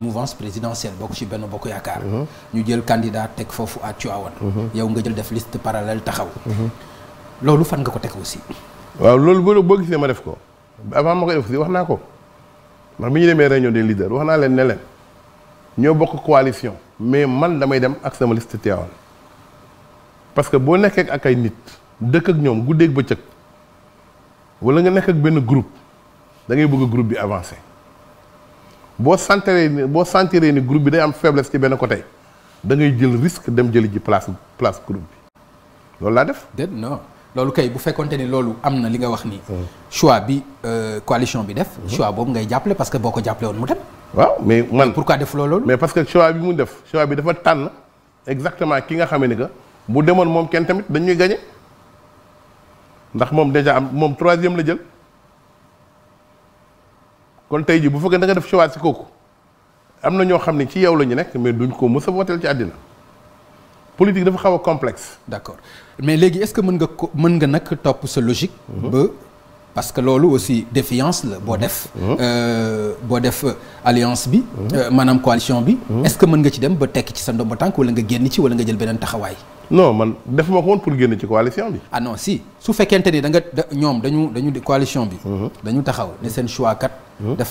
mouvance présidentielle bokk ci benn bokk yaakaar. Mhm. ñu jël candidat teg foofu à Tivaouane. Mhm. yow nga jël def liste parallèle taxaw. Mhm. loolu fan nga ko teg aussi. waaw loolu boo boo gisee ma def ko avant ma koy def wax naa ko man bi ñu demee des leaders wax naa leen ne leen ñoo bokk coalition mais man damay dem ak sama liste Tivaouane parce que boo nekkee ak ay nit dëkk ak ñoom guddeeg bëccëg wala nga nekk ak benn groupe da ngay bëgg groupe bi avancer. boo sentiree ni boo sentiree ni groupe bi day am faiblesse ci benn côté da ngay jël risque dem jëli ji place place groupe bi loolu laa def. déet non loolu kay bu fekkonte ni loolu am na li nga wax ni choix bi euh, coalition bi def. choix boobu ngay jàppale parce que boo ko jàppale woon mu dem. waaw mais man pourquoi def loolu. mais parce que choix bi mu def choix bi dafa tànn exactement ki nga xamee ni que bu demoon moom kenn tamit dañuy gañe ndax moom déjà am moom troisième la jël. kon tey jii bu fekkee nanga def choix si kooku am na ñoo xam ne ci yow la ñu nekk mais duñ koo mës a woteel ci àddina politique dafa xaw a complexe. d'accord mais léegi est-ce que mën nga ko mën nga nag topp sa logique. Mhm. ba parce que loolu aussi défiance la boo def. Mhm. Euh, boo def euh, alliance bi. Mhm. Euh, maanaam coalition bi. est-ce que mën nga ci dem ba tekk ci sa ndomba tànk wala nga génn ci wala nga jël beneen taxawaay. non man def ma ko pour génn ci coalition bi. ah non si su fekkente ni da ñoom dañu dañu di coalition bi. Mhm. dañu taxaw ne seen choix kat. Mhm. def